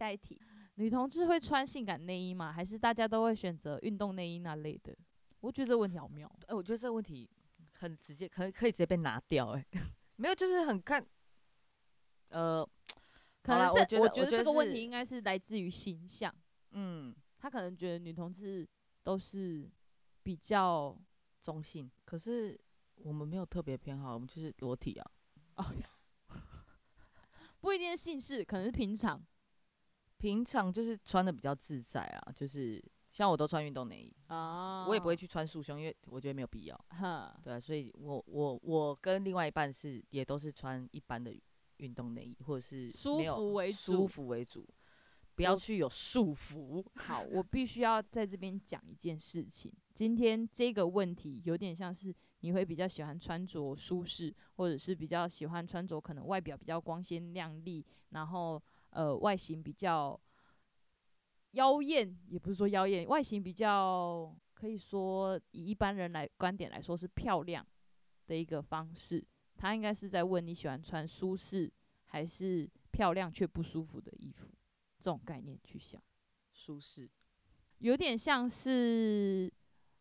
代替女同志會穿性感內衣嗎？還是大家都會選擇運動內衣那類的？我覺得這個問題好妙。哎，我覺得這個問題很直接，可能可以直接被拿掉，欸。哎， 沒有，就是很看，呃，可能是我覺得這個問題應該是來自於形象。嗯，他可能覺得女同志都是比較中性。可是我們沒有特別偏好，我們就是裸體啊。哦， 不一定是性事，可能是平常。平常就是穿的比較自在啊，就是像我都穿運動內衣啊，哦、我也不會去穿束胸，因為我覺得沒有必要。哈呵，對啊，所以我我我跟另外一半是也都是穿一般的運動內衣，或者是沒有舒服為主，舒服為主，舒服為主，不要去有束縛。嗯、好， 我必須要在這邊講一件事情，今天這個問題有點像是你會比較喜歡穿着舒適，嗯、或者是比較喜歡穿着可能外表比較光鮮亮麗，然後。呃，外形比較妖艷，也不是說妖艷，外形比較可以說以一般人來觀點來說是漂亮的一個方式。他應該是在問你喜歡穿舒適還是漂亮卻不舒服的衣服這種概念去想，舒適，有點像是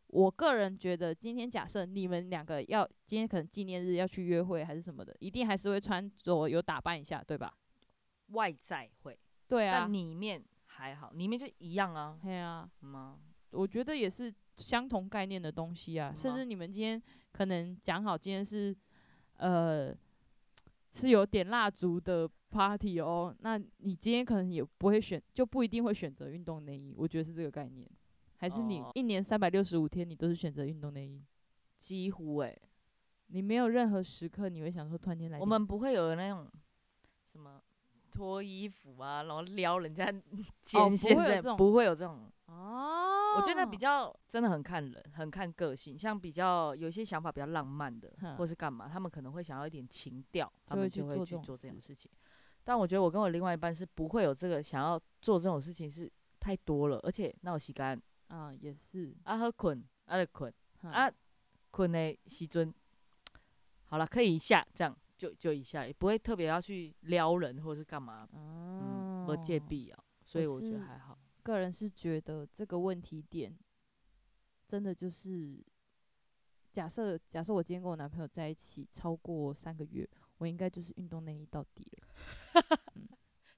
我個人覺得，今天假設你們兩個要今天可能紀念日要去約會還是什麼的，一定還是會穿着有打扮一下，對吧？外在會，對啊，但裡面還好，裡面就一樣啊。對啊，嗎、嗯啊？我覺得也是相同概念的東西啊。嗯、啊甚至你們今天可能講好今天是，嗯啊、呃，是有點蠟燭的 party 哦。那你今天可能也不會選，就不一定會選擇運動內衣。我覺得是這個概念，還是你一年三百六十五天你都是選擇運動內衣？幾乎誒、欸，你沒有任何時刻你會想說突然間來。我們不會有那種什麼。脫衣服啊，然後撩人家肩線，這、哦、不會有這種，有這種哦。我覺得比較真的很看人，很看個性。像比較有些想法比較浪漫的，哼或是幹嘛，他們可能會想要一點情調，他們就會去做這種事情。但我覺得我跟我另外一半是不會有這個想要做這種事情，是太多了，而且哪有時間啊，也是啊，喝困啊，哼啊，的啊，阿困呢西尊，好了，可以一下這樣。就就以下也不會特別要去撩人或者是幹嘛，哦、嗯，和戒備啊，所以我覺得還好。個人是覺得這個問題點，真的就是假，假設假設我今天跟我男朋友在一起超過三個月，我應該就是運動內衣到底了。 嗯、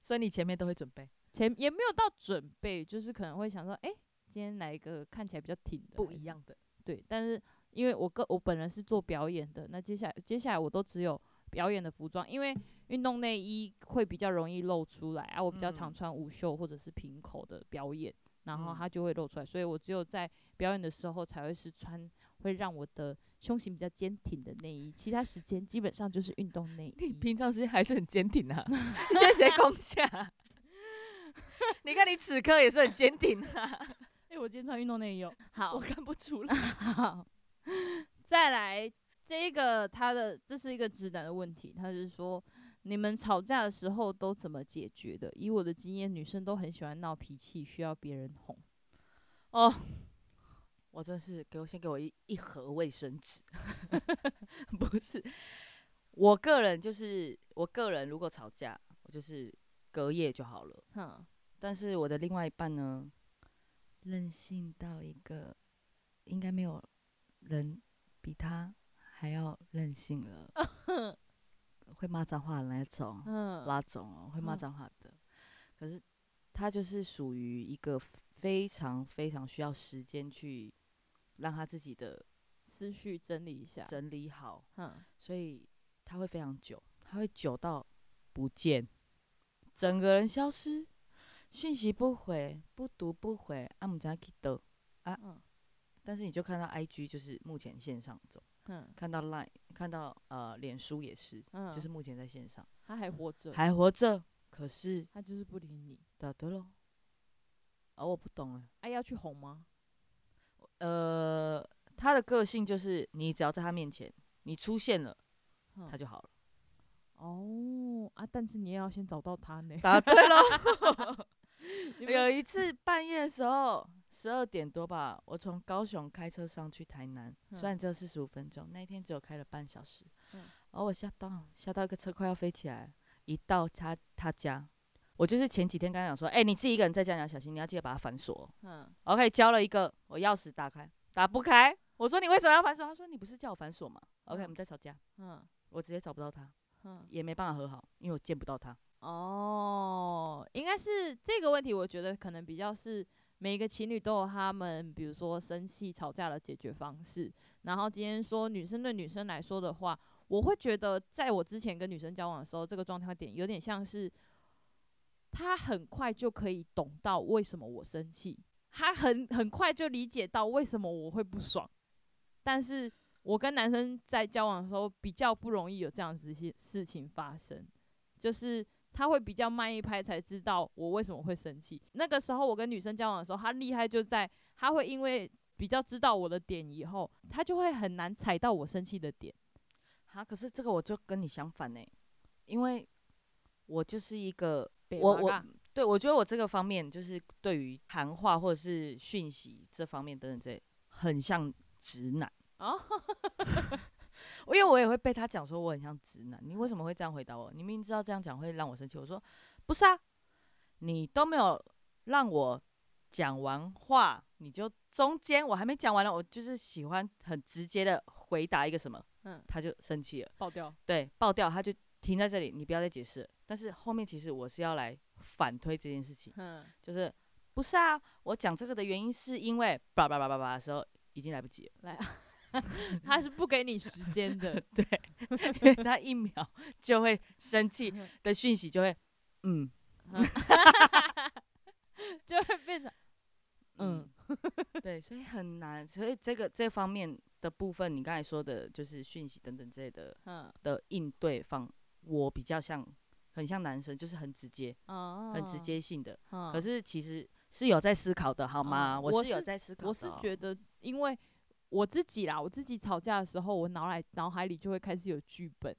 所以你前面都會準備，前也沒有到準備，就是可能會想說，哎、欸，今天來一個看起來比較挺的，不一樣的。對，但是因為我個我本人是做表演的，那接下來接下來我都只有。表演的服裝，因為運動內衣會比較容易露出來啊，我比較常穿無袖或者是平口的表演，嗯、然後它就會露出來，所以我只有在表演的時候才會是穿會讓我的胸型比較堅挺的內衣，其他時間基本上就是運動內衣。你平常時間還是很堅挺啊？你現在空下， 你看你此刻也是很堅挺啊？為、欸、我今天穿運動內衣哦、喔，好，我看不出來。 好，再來。這一個他的，這是一個直男的問題。他就是說你們吵架的時候都怎麼解決的？以我的經驗，女生都很喜歡鬧脾氣，需要別人哄。哦，我真是給我先給我一一盒衛生紙， 不是，我個人就是我個人如果吵架，我就是隔夜就好了。嗯，但是我的另外一半呢，任性到一個應該沒有人比他還要任性了，會罵髒話的那種，那種、喔、會罵髒話的？可是他就是屬於一個非常非常需要時間去讓他自己的思緒整理一下，整理好。嗯，所以他會非常久，他會久到不見，整個人消失，訊息不回，不讀不回。a 們 z a k 啊，啊、但是你就看到 IG 就是目前線上走。嗯，看到 Line，看到呃，臉書也是，嗯，就是目前在線上。他還活着，還活着，可是他就是不理你。答對了。哦，我不懂了，啊、要去哄嗎？呃，他的個性就是，你只要在他面前，你出現了，嗯、他就好了。哦啊，但是你也要先找到他呢。答對了。有一次半夜的時候。十二點多吧，我從高雄開車上去台南，雖然只有四十五分鐘，嗯、那一天只有開了半小時。而、嗯、我下到下到，到一個車快要飛起來，一到他他家，我就是前幾天剛剛講說，哎、欸，你自己一個人在家，你要小心，你要記得把它反鎖。嗯，OK，交了一個我鑰匙打開，打不開，我說，你為什麼要反鎖？他說，你不是叫我反鎖嗎、嗯、？OK，我們在吵架。嗯，我直接找不到他，嗯，也沒辦法和好，因為我見不到他。哦，應該是這個問題，我覺得可能比較是。每一個情侶都有他們，比如說生氣吵架的解決方式。然後今天說女生對女生來說的話，我會覺得在我之前跟女生交往的時候，這個狀態點有點像是，她很快就可以懂到為什麼我生氣，她很很快就理解到為什麼我會不爽。但是我跟男生在交往的時候，比較不容易有這樣子些事情發生，就是。他會比較慢一拍才知道我為什麼會生氣。那個時候我跟女生交往的時候，他厲害就在他會因為比較知道我的點，以後他就會很難踩到我生氣的點。好，可是這個我就跟你相反呢。欸，因為我就是一個我我對，我覺得我這個方面就是對於談話或者是訊息這方面等等之類，很像直男啊。哦 因為我也會被他講說我很像直男，你為什麼會這樣回答我？你明明知道這樣講會讓我生氣，我說不是啊，你都沒有讓我講完話，你就中間我還沒講完了，我就是喜歡很直接的回答一個什麼，嗯，他就生氣了，爆掉，對，爆掉，他就停在這裡，你不要再解釋。但是後面其實我是要來反推這件事情，嗯，就是不是啊，我講這個的原因是因為叭叭叭叭叭的時候已經來不及了，來啊。 他是不給你時間的， 對，他一秒就會生氣 的訊息就會，嗯， 就會變成，嗯， 對，所以很難，所以這個，這個方面的部分，你剛才說的就是訊息等等之類的， 的應對方，我比較像，很像男生，就是很直接，oh, 很直接性的，oh. 可是其實是有在思考的，好嗎？Oh. 我是有在思考的喔，我，我是覺得因為。我自己啦，我自己吵架的時候，我腦海腦海裡就會開始有劇本，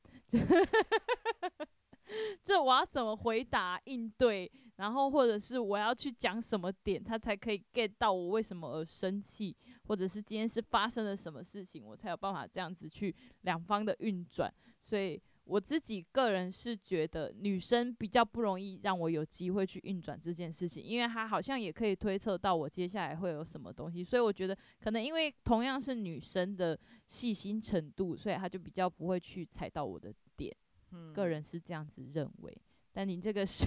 這 我要怎麼回答應對，然後或者是我要去講什麼點，他才可以 get 到我為什麼而生氣，或者是今天是發生了什麼事情，我才有辦法這樣子去兩方的運轉，所以。我自己個人是覺得女生比較不容易讓我有機會去運轉這件事情，因為她好像也可以推測到我接下來會有什麼東西，所以我覺得可能因為同樣是女生的細心程度，所以她就比較不會去踩到我的點。嗯，個人是這樣子認為。但你這個是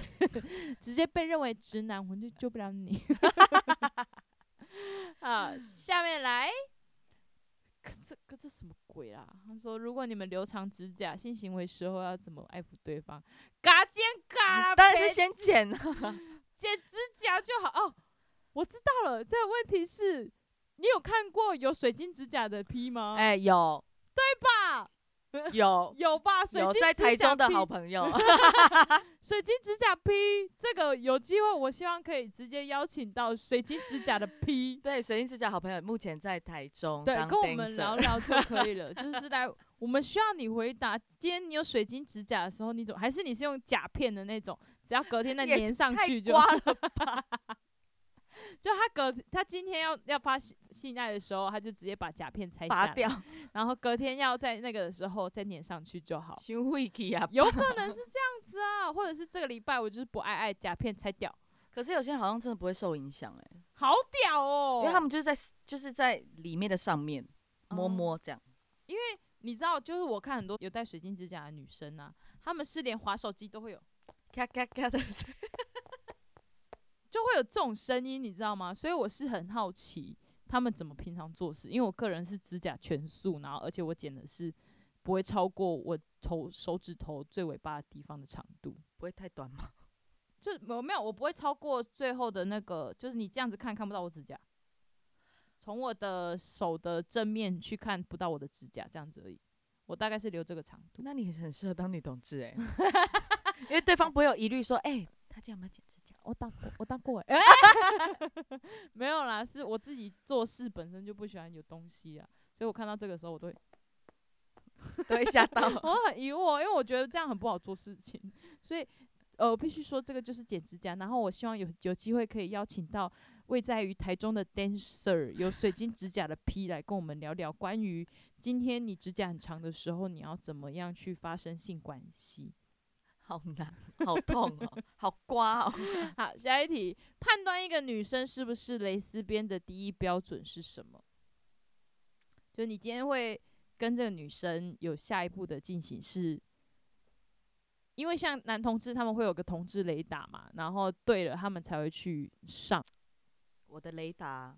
直接被認為直男，我們就救不了你。 好，下面來。鬼啦！他說：“如果你們留長指甲，性行為時候要怎麼愛撫對方？嘎剪嘎，嘎、嗯，當然是先剪了，剪指甲就好。哦，我知道了，這個問題是，你有看過有水晶指甲的 P 嗎？哎、欸，有，對吧？”有有吧，水晶指甲有在台中的好朋友， 水晶指甲 P。這個有機會，我希望可以直接邀請到水晶指甲的 P。對，水晶指甲好朋友目前在台中，對，跟我們聊聊就可以了，就是來，我們需要你回答，今天你有水晶指甲的時候，你怎麼，還是你是用甲片的那種，只要隔天再粘上去就。 就他隔他今天要要發性愛的時候，他就直接把甲片拆下來掉，然後隔天要在那個的時候再粘上去就好。i k 啊，有可能是這樣子啊， 或者是這個禮拜我就是不愛愛甲片拆掉。可是有些人好像真的不會受影響哎、欸，好屌哦！因為他們就是在就是在裡面的上面摸摸這樣、嗯。因為你知道，就是我看很多有戴水晶指甲的女生啊，他們是連滑手機都會有，咔咔咔的。咳咳 就會有這種聲音，你知道嗎？所以我是很好奇他們怎麼平常做事。因為我個人是指甲全素，然後而且我剪的是不會超過我頭手指頭最尾巴的地方的長度，不會太短嗎？就沒有沒有，我不會超過最後的那個，就是你這樣子看看不到我指甲，從我的手的正面去看不到我的指甲，這樣子而已。我大概是留這個長度。那你也是很適合當女同志誒， 因為對方不會有疑慮說，哎、欸，他這樣嗎？剪。我當過，我當過哎， 沒有啦，是我自己做事本身就不喜歡有東西啊，所以我看到這個時候我都會 都會嚇到。 我很疑惑，因為我覺得這樣很不好做事情，所以呃，我必須說這個就是剪指甲。然後我希望有有機會可以邀請到位在於台中的 dancer，有水晶指甲的 P 來跟我們聊聊關於今天你指甲很長的時候，你要怎麼樣去發生性關係。好難，好痛哦，好刮哦！ 好，下一題，判斷一個女生是不是蕾絲邊的第一標準是什麼？就你今天會跟這個女生有下一步的進行，是因為像男同志他們會有個同志雷達嘛，然後對了，他們才會去上我的雷達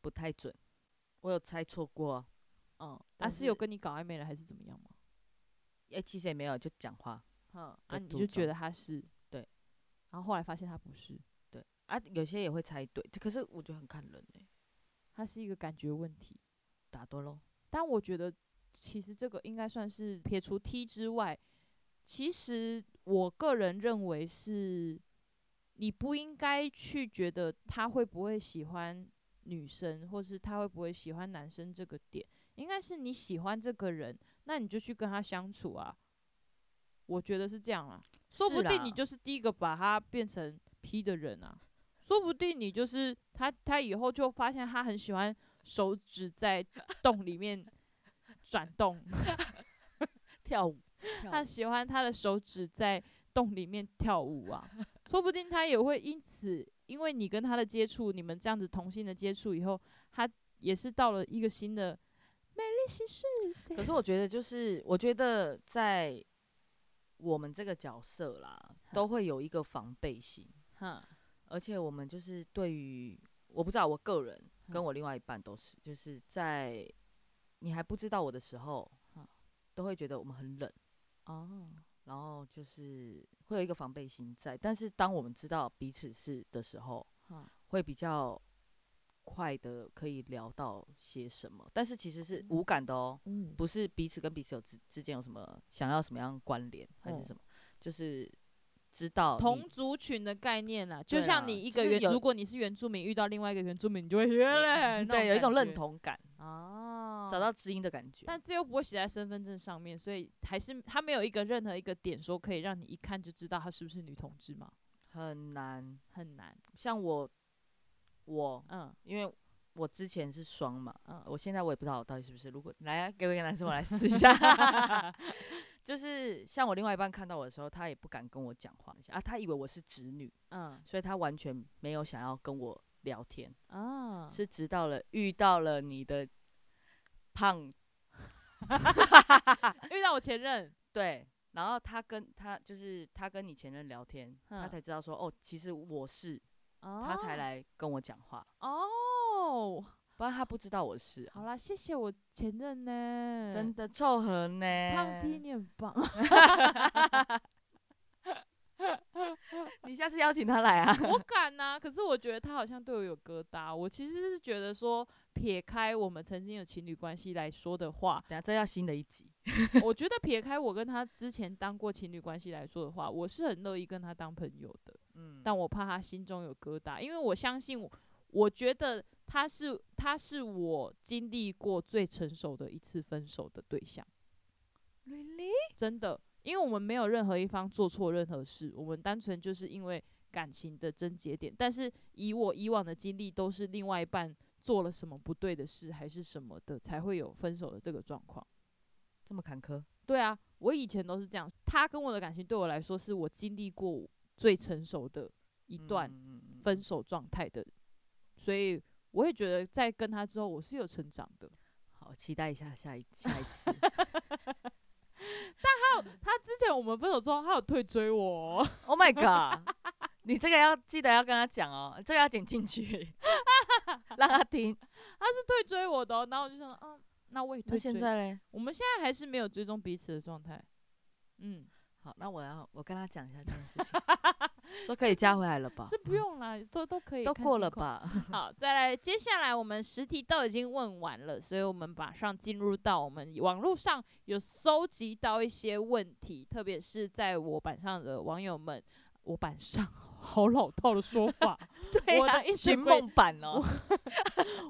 不太準，我有猜錯過，嗯，他是，啊，是有跟你搞曖昧了，還是怎麼樣嗎？誒、欸，其實也沒有，就講話。嗯，啊，你就覺得他是對，然後後來發現他不是對，啊，有些也會猜對，可是我覺得很看人哎，欸，他是一個感覺問題，大多咯。但我覺得其實這個應該算是撇除 T 之外，其實我個人認為是，你不應該去覺得他會不會喜歡女生，或是他會不會喜歡男生這個點。應該是你喜歡這個人，那你就去跟他相處啊。我覺得是這樣啊，啦說不定你就是第一個把他變成 P 的人啊。 說不定你就是他，他以後就發現他很喜歡手指在洞裡面轉動 跳舞，跳舞他喜歡他的手指在洞裡面跳舞啊。 說不定他也會因此，因為你跟他的接觸，你們這樣子同性的接觸以後，他也是到了一個新的。其實可是我覺得，就是我覺得在我們這個角色啦，呵都會有一個防備心。哼呵，而且我們就是對於我不知道，我個人跟我另外一半都是，呵就是在你還不知道我的時候，呵都會覺得我們很冷哦。然後就是會有一個防備心在，但是當我們知道彼此是的時候，呵會比較。快的可以聊到些什麼，但是其實是無感的哦、喔，嗯嗯、不是彼此跟彼此有之之間有什麼想要什麼樣關聯、哦、還是什麼，就是知道同族群的概念啊，就像你一個原，啊就是、如果你是原住民遇到另外一個原住民，你就會得嘞，對，覺對，有一種認同感啊，找到知音的感覺，但這又不會寫在身份證上面，所以還是他沒有一個任何一個點說可以讓你一看就知道他是不是女同志嘛，很難很難，很難像我。我嗯，因為我之前是雙嘛，嗯，我現在我也不知道我到底是不是。如果來、啊，給我一個男生，我來試一下。 就是像我另外一半看到我的時候，他也不敢跟我講話一下啊，他以為我是直女，嗯，所以他完全沒有想要跟我聊天，嗯，是直到了，遇到了你的胖， 遇到我前任對，然後他跟他就是他跟你前任聊天，嗯、他才知道說哦，其實我是。Oh? 他才來跟我講話哦，oh，不然他不知道我是、啊。好啦，謝謝我前任呢，真的湊合呢。他第一念很棒， 你下次邀請他來啊？我敢啊，可是我覺得他好像對我有疙瘩。我其實是覺得說，撇開我們曾經有情侶關係來說的話，等下再要新的一集。 我覺得撇開我跟他之前當過情侶關係來說的話，我是很樂意跟他當朋友的。但我怕他心中有疙瘩，因為我相信我，我覺得他是他是我經歷過最成熟的一次分手的對象。Really？真的，因為我們沒有任何一方做錯任何事，我們單純就是因為感情的症結點。但是以我以往的經歷，都是另外一半做了什麼不對的事，還是什麼的，才會有分手的這個狀況。這麼坎坷？對啊，我以前都是這樣。他跟我的感情對我來說，是我經歷過。最成熟的，一段分手狀態的人，嗯、所以我也覺得在跟他之後，我是有成長的。好，期待一下下一下一次。 但他有他之前我們分手之後，他有退追我、哦。Oh my god！ 你這個要記得要跟他講哦，這個要剪進去， 讓他聽、嗯。他是退追我的、哦，然後我就想說，嗯，那我也退追。現在咧，我們現在還是沒有追蹤彼此的狀態。嗯。好，那我要我跟他講一下這件事情， 說可以加回來了吧？是，是不用啦，嗯、都都可以，都過了吧？好，再來，接下來我們十題都已經問完了，所以我們馬上進入到我們網絡上有收集到一些問題，特別是在我版上的網友們，我版上好老套的說法， 對啊、我的尋夢版哦、啊，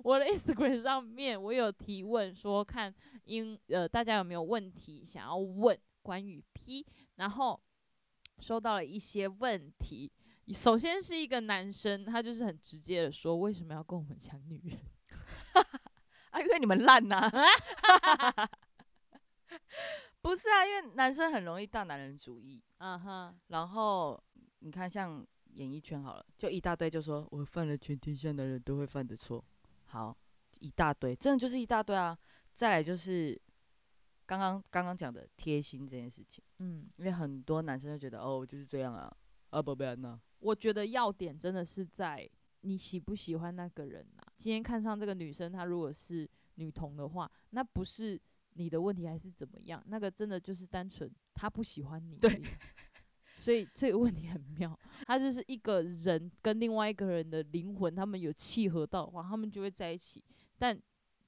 我， 我的 Instagram 上面我有提問說看因，看英呃大家有沒有問題想要問關於 P。然後收到了一些問題，首先是一個男生，他就是很直接的說，為什麼要跟我們搶女人？ 啊，因為你們爛吶！不是啊，因為男生很容易大男人主義。啊、uh。哈、huh.，然後你看，像演藝圈好了，就一大堆，就說我犯了全天下男人都會犯的錯，好，一大堆，真的就是一大堆啊。再來就是。剛剛剛剛講的貼心這件事情，嗯，因為很多男生都覺得哦，就是這樣啊，啊我覺得要點真的是在你喜不喜歡那個人吶、啊。今天看上這個女生，她如果是女同的話，那不是你的問題還是怎麼樣？那個真的就是單純她不喜歡你。對。所以這個問題很妙，他就是一個人跟另外一個人的靈魂，他們有契合到的話，他們就會在一起。但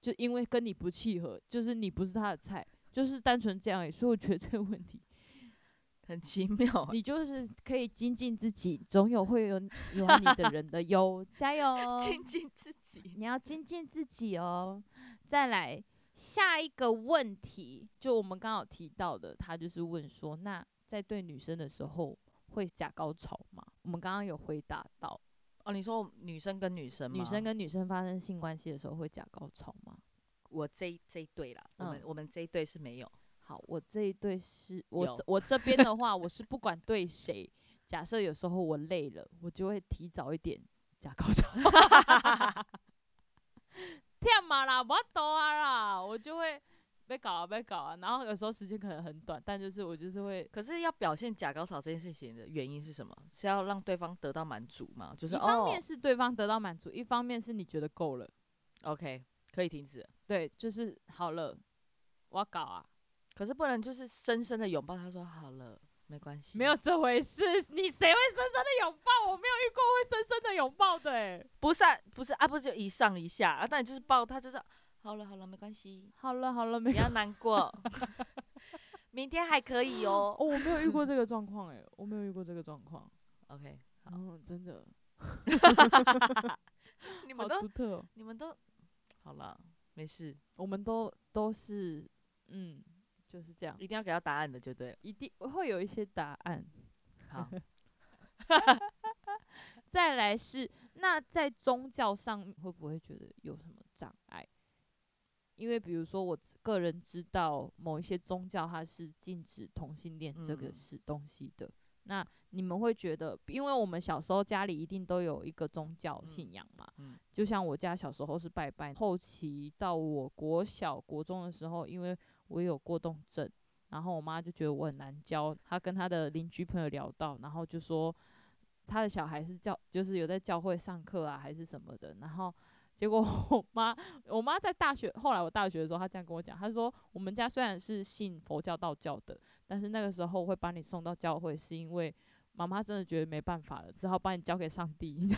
就因為跟你不契合，就是你不是他的菜。就是單純這樣也，所以我覺得這個問題很奇妙，欸。你就是可以精進自己，總有會有喜歡你的人的喲， 加油！精進自己，你要精進自己哦。再來下一個問題，就我們剛好提到的，他就是問說，那在對女生的時候會假高潮嗎？我們剛剛有回答到哦，啊，你說女生跟女生嗎，女生跟女生發生性關係的時候會假高潮嗎？我這這一隊了，嗯、我們我們這一隊是沒有。好，我這一隊是我這有我這邊的話，我是不管對誰， 假設有時候我累了，我就會提早一點假高潮。天嘛啦，我要啊啦，我就會被搞啊被搞啊，然後有時候時間可能很短，但就是我就是會。可是要表現假高潮這件事情的原因是什麼？是要讓對方得到滿足嘛？就是一方面是對方得到滿足，哦、一方面是你覺得夠了。OK，可以停止。對，就是好了，我要搞啊，可是不能就是深深的擁抱。他說好了，沒關係。沒有這回事，你誰會深深的擁抱？我沒有遇過會深深的擁抱。對，不是，不是啊，不是就一上一下啊，但你就是抱他就，就是好了，好了，沒關係，好了，好了，不要難過， 明天還可以哦。哦，我沒有遇過這個狀況，誒，我沒有遇過這個狀況。 OK，哦好、嗯，真的， 你們都，哦、你們都好了。沒事，我們都都是，嗯，就是這樣，一定要給到答案的，就對了，一定會有一些答案。好， 再來是，那在宗教上會不會覺得有什麼障礙？因為比如說，我個人知道某一些宗教它是禁止同性戀這個是東西的。嗯那你們會覺得，因為我們小時候家裡一定都有一個宗教信仰嘛，嗯嗯、就像我家小時候是拜拜。後期到我國小國中的時候，因為我有過動症，然後我媽就覺得我很難教。她跟她的鄰居朋友聊到，然後就說，她的小孩是教，就是有在教會上課啊，還是什麼的，然後。結果我媽，我媽在大學，後來我大學的時候，她這樣跟我講，她說我們家雖然是信佛教、道教的，但是那個時候會把你送到教會，是因為媽媽真的覺得沒辦法了，只好把你交給上帝。你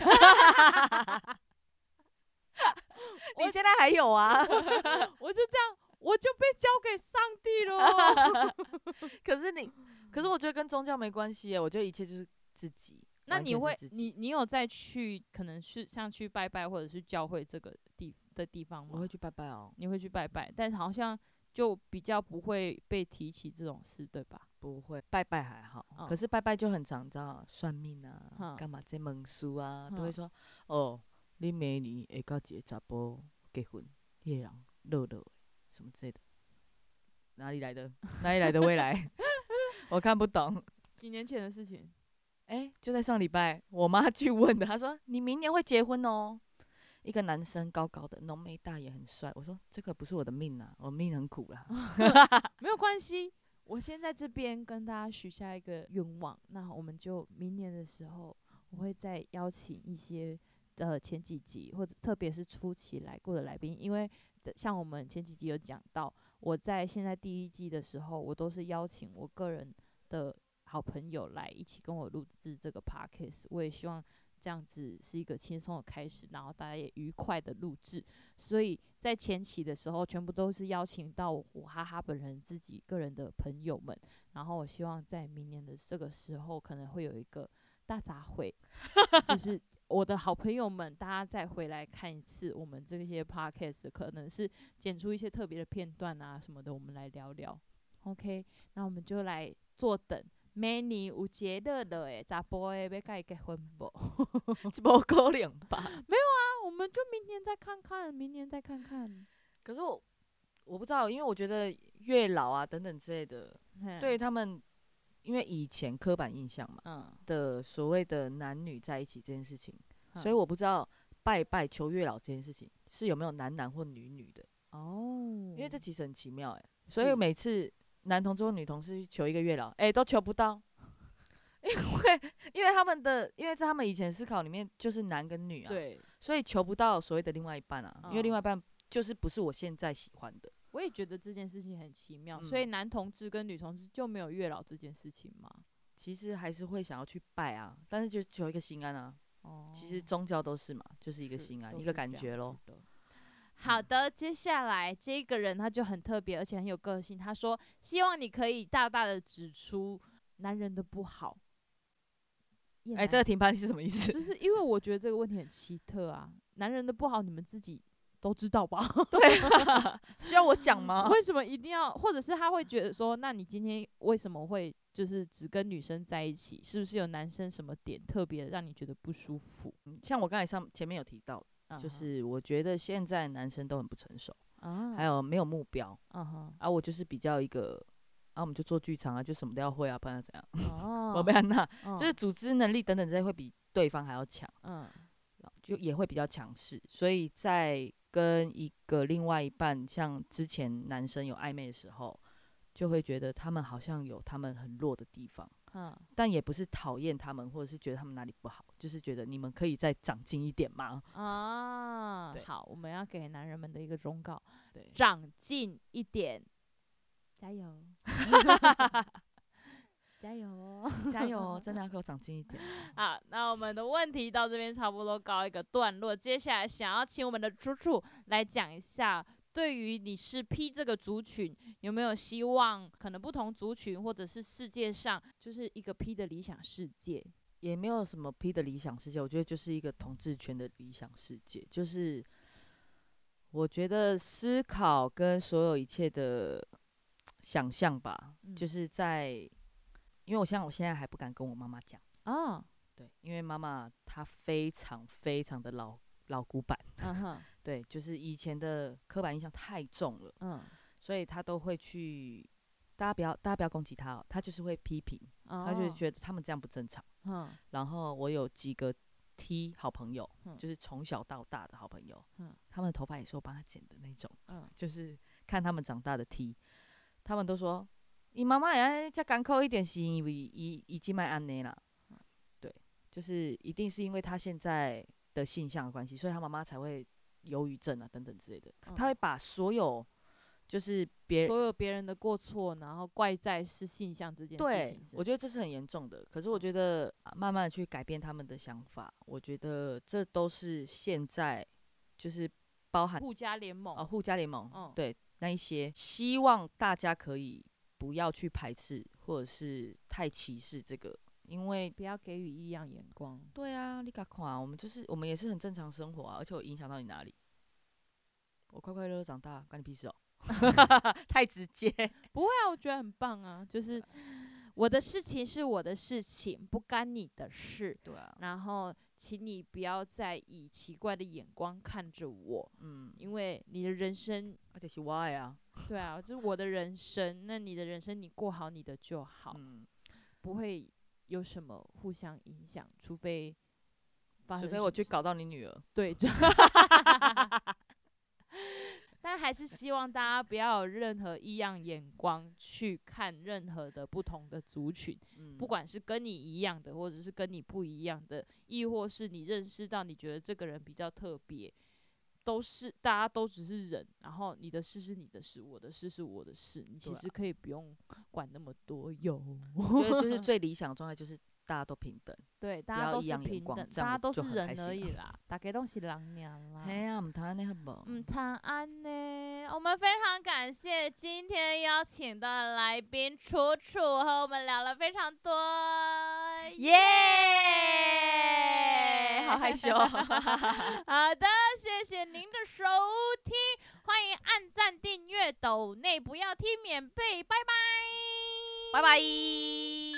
現在還有啊？我，我就這樣，我就被交給上帝了。 可是你，可是我覺得跟宗教沒關係，我覺得一切就是自己。那你會，你你有再去，可能是像去拜拜或者是教會這個地的地方嗎？我會去拜拜哦，你會去拜拜，但是好像就比較不會被提起這種事，對吧？不會，拜拜還好，可是拜拜就很常，知道算命啊，幹嘛這門書啊，都會說哦，你明年會到一個查埔結婚，這個人樂樂，什麼之類的，哪裡來的？哪裡來的未來？我看不懂，幾年前的事情。誒，就在上禮拜，我媽去問的，她說：“你明年會結婚哦。”一個男生，高高的，濃眉大眼，很帥。我說：“這個不是我的命啊，我命很苦啦、啊。哦，嗯，”沒有關係， 我先在這邊跟大家許下一個願望。那我們就明年的時候，我會再邀請一些呃前幾集或者特別是初期來過的來賓，因為像我們前幾集有講到，我在現在第一季的時候，我都是邀請我個人的。好朋友來一起跟我錄製這個 podcast，我也希望這樣子是一個輕鬆的開始，然後大家也愉快的錄製。所以在前期的時候，全部都是邀請到我哈哈本人自己個人的朋友們，然後我希望在明年的這個時候可能會有一個大雜燴， 就是我的好朋友們，大家再回來看一次我們這些 podcast，可能是剪出一些特別的片段啊什麼的，我們來聊聊。OK，那我們就來坐等。有的 沒有啊，我們就明年再看看，明年再看看。可是我我不知道，因為我覺得月老啊等等之類的，嗯、對他們，因為以前刻板印象嘛，嗯、的所謂的男女在一起這件事情，嗯、所以我不知道拜拜求月老這件事情是有沒有男男或女女的哦，因為這其實很奇妙哎，所以每次。男同志或女同志求一個月老，哎、欸，都求不到，因為因為他們的因為在他們以前思考裡面就是男跟女啊，對，所以求不到所謂的另外一半啊，嗯、因為另外一半就是不是我現在喜歡的。我也覺得這件事情很奇妙，嗯、所以男同志跟女同志就沒有月老這件事情嘛，其實還是會想要去拜啊，但是就求一個心安啊。哦，其實宗教都是嘛，就是一個心安，一個感覺咯。好的，接下來這個人他就很特別，而且很有個性。他說：“希望你可以大大的指出男人的不好。Yeah, 欸”哎男，這個停盤是什麼意思？就是因為我覺得這個問題很奇特啊， 男人的不好你們自己都知道吧？ 對啊，需要我講嗎？為什麼一定要？或者是他會覺得說，那你今天為什麼會就是只跟女生在一起？是不是有男生什麼點特別讓你覺得不舒服？嗯，像我剛才上前面有提到，就是我覺得現在男生都很不成熟，啊、uh，huh. 還有沒有目標，uh huh. 啊我就是比較一個，啊我們就做劇場啊，就什麼都要會啊，不然要怎樣，哦、uh，不然那就是組織能力等等這些會比對方還要強，嗯、uh，huh. 就也會比較強勢，所以在跟一個另外一半像之前男生有曖昧的時候，就會覺得他們好像有他們很弱的地方。嗯，但也不是討厭他們，或者是覺得他們哪裡不好，就是覺得你們可以再長進一點嗎？啊，對好，我們要給男人們的一個忠告，對，長進一點，對加油， 加油哦，加油哦， 真的要給我長進一點。 好，那我們的問題到這邊差不多告一個段落， 接下來想要請我們的楚楚來講一下。對於你是 P 這個族群，有沒有希望？可能不同族群，或者是世界上，就是一個 P 的理想世界，也沒有什麼 P 的理想世界。我覺得就是一個統治權的理想世界，就是我覺得思考跟所有一切的想象吧，嗯、就是在，因為我像我現在還不敢跟我媽媽講啊，哦、對，因為媽媽她非常非常的老。老古板，uh huh. 對，就是以前的刻板印象太重了，uh huh. 所以他都會去，大家不要，大家不要攻擊他哦，他就是會批評，uh oh. 他就是覺得他們這樣不正常，uh huh. 然後我有幾個 T 好朋友，uh huh. 就是從小到大的好朋友，uh huh. 他們的頭髮也是我幫他剪的那種，uh huh. 就是看他們長大的 T，他們都說，你媽媽呀，再干扣一點新衣服，一一季賣安妮了，uh huh. 對，就是一定是因為他現在。的性向的關係，所以他媽媽才會憂鬱症啊等等之類的，嗯、他會把所有就是別所有別人的過錯，然後怪在是性向這件事情。對，我覺得這是很嚴重的。可是我覺得、啊、慢慢的去改變他們的想法，我覺得這都是現在就是包含互加聯盟啊、哦，互加聯盟，嗯、對，那一些希望大家可以不要去排斥或者是太歧視這個。因為不要給予異樣眼光。對啊，你敢看啊？我們就是我們也是很正常生活啊，而且我影響到你哪裡？我快快樂樂長大，關你屁事哦！ 太直接，不會啊，我覺得很棒啊，就是我的事情是我的事情，不干你的事。對啊。然後，請你不要再以奇怪的眼光看着我。嗯。因為你的人生，而且是我的啊。對啊，就是我的人生。 那你的人生，你過好你的就好。嗯。不會。有什麼互相影響？除非發生，除非我去搞到你女兒。對， 但還是希望大家不要有任何異樣眼光去看任何的不同的族群，嗯、不管是跟你一樣的，或者是跟你不一樣的，亦或是你認識到你覺得這個人比較特別。都是，大家都只是人，然後你的事是你的事，我的事是我的事，你其實可以不用管那麼多。有， 我覺得就是最理想的狀態就是大家都平等， 對，大家都是一樣平等，這樣 大家都是人而已啦。大家都是人娘啦。嘿呀、 欸，晚安呢？嗯，晚安呢。我們非常感謝今天邀請的來賓楚楚和我們聊了非常多。耶，Yeah! 好害羞。 好的，謝謝你。收聽，歡迎按讚、訂閱、抖內不要聽免費，拜拜，拜拜。